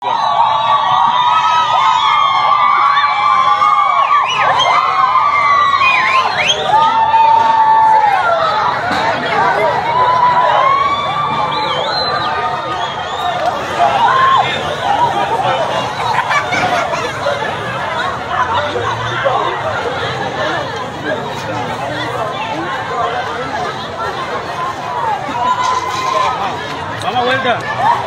Vamos, Wendel!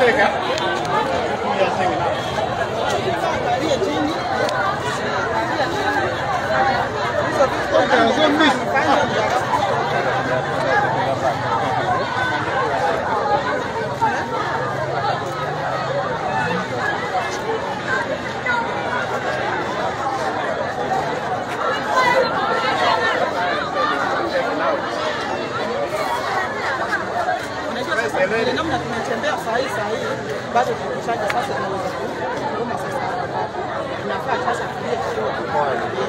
Take it. ni namna tunatembea sahihi sahihi, bado tunashaja sasa, tunaweza kuuma sasa ambapo tunafaa sasa tulie kidogo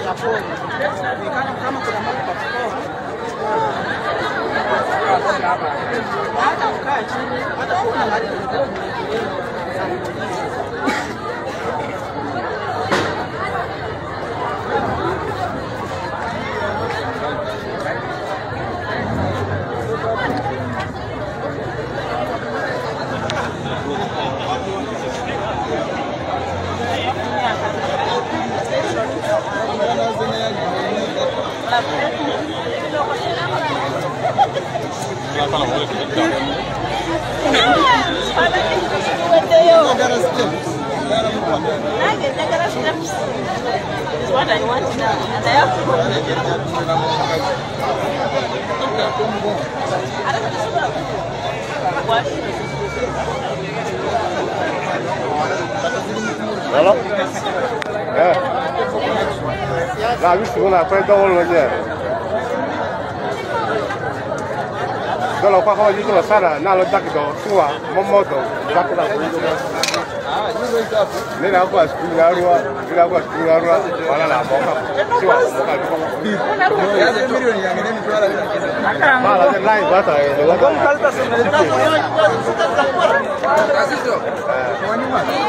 ya pole, kuonekana kama kuna mambo kwa kutoa hata ukaa chini, hata kuna baridi kidogo Is what I want now. And I have to go. I don't know. What? Hello? Yeah. La visto la prenda todo lo nye. No pa ho yuto No sara no lo No do suwa momoto No la ko yuto. No na kwa school na ruwa, ne na No school de la de bata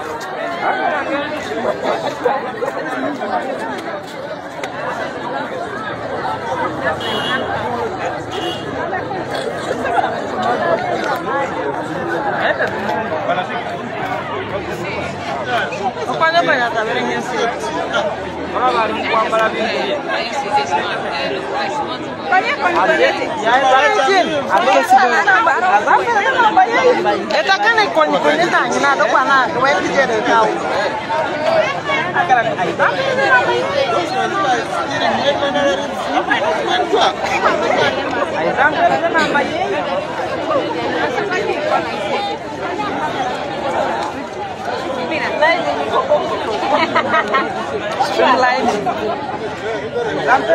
Hah? etakana ikonyikoni zanyi nado kwana wendijere kawo aizangu